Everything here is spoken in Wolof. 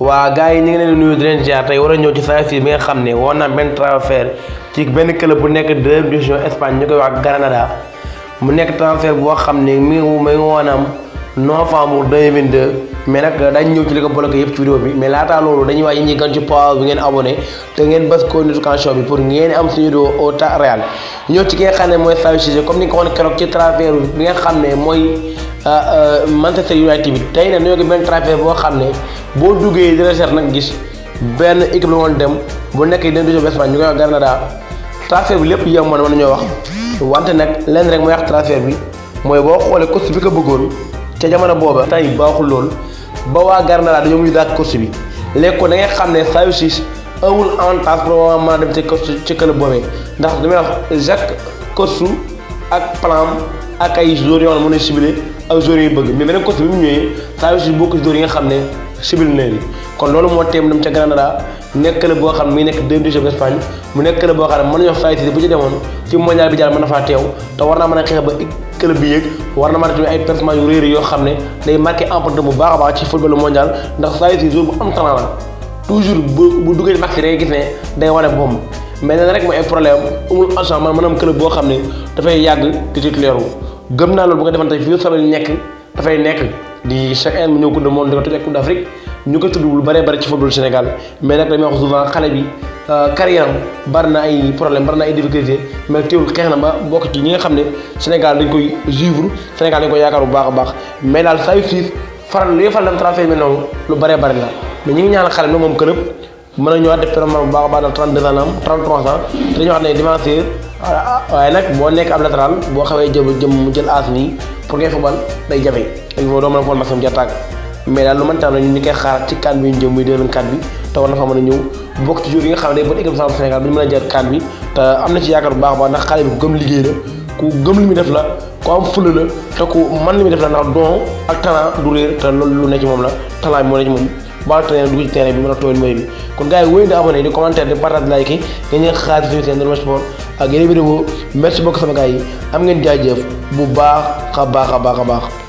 waa gars yi ñu ngi leen di nuyu di leen tey war a ñëw ci saa si bi nga xam ne woon naa benn transfert ci benn club bu nekk deuxième division Espagne ñu koy wax Granada mu nekk transfert boo xam ne mi ngi mi ngi woon am novembre 2022 mais nag dañ ñëw ci li mais laataa loolu dañuy wax yi ñi gan ci page bi ngeen abonné te ngeen pour ngeen am suñu vidéo au temps réel ñëw ci ki mooy comme ni nga ko waxoon keroog ci transfert bi nga xam ne mooy euh, euh, Manchester United bi tey nag ñoo ngi benn transfert boo xam ne boo duggee dina seet nag gis benn équipe la woon dem bu nekk dina dugg Espagne ñu koy wax Granada transfert bi lépp yem man ñoo nañoo wax wante nag lenn rek mooy wax transfert bi mooy boo xoolee course bi ko bëggoon ca jamono booba tay baaxul lool ba waa Granada dañoo mujj daal course bi léegi kon da ngay xam ne Saliou Ciss amul avantage pour waa mën a dem ci course ci ndax damay wax Jacques course ak plan ak ay joueurs yoo xam ne mën a sibilé yu bëgg mais beneen mu ñëwee Saliou Ciss bokk ci yi nga xam ne. civil navy kon loolu moo teem dem ca Granada nekk la boo xam ne muy nekk deuxième division bu Espagne nekk la boo xam ne mën nañu wax Sadio Cissé bu demoon ci mondial bi jaar mën na faa teew war naa mën a xeex ba club bi yëg na mën a tamit ay performance yu réer yoo xam ne day marqué empreinte bu baax a baax ci football mondial ndax Sadio Cissé joueur bu am talent toujours bu bu duggee maxi day gis ne day wane boppam mais nag rek mooy ay problème amul argent man maanaam club boo xam ne dafay yàgg di gëm naa loolu bu ko defante fii solo nekk dafay nekk di chaque année mu ñëw coupe du di ko toj ak ñu ko tudd lu bëree bëri ci football Sénégal mais nag damay wax souvent xale bi euh, carrière am bari na ay problème bari na ay difficulté mais teewul xeex na ba bokk ci ñi nga xam ne Sénégal dañ koy suivre Sénégal dañ koy yaakaar bu baax a baax mais daal saa yu siis faral li faral dem transfert bi lu bare bëri la mais ñu ngi ñaanal xale bi moom kërëb mën a ñëwaat def performance bu baax a baax daal 32 ans ah waaye nag boo nekk ab latéral boo xawee jëm jëm mu jël aas nii pour ngay fubal day jafe il faut doo mën a fubal maximum jàttaag mais daal lu mën taam ñu ni koy xaar ci kan bi ñu jëm muy 2004 bi te war na fa a bi a jël kan bi te am na ci yaakaar baax baax ndax xale bi gëm liggéey la ku gëm li mu def la ku am fulla la te ku man li def la ndax don ak talent du réer te loolu lu ne ci moom la talent bi moo ne moom baal traîner dugg ci terrain bi mën a tooyal mbéy mi kon gars yi wéy di abonné di commentaire di partage di like yi nga ñëw xaar si suñu seen Normal Sport ak yeneen vidéo merci beaucoup sama gars yi am ngeen jaajëf bu baax a baax a baax a baax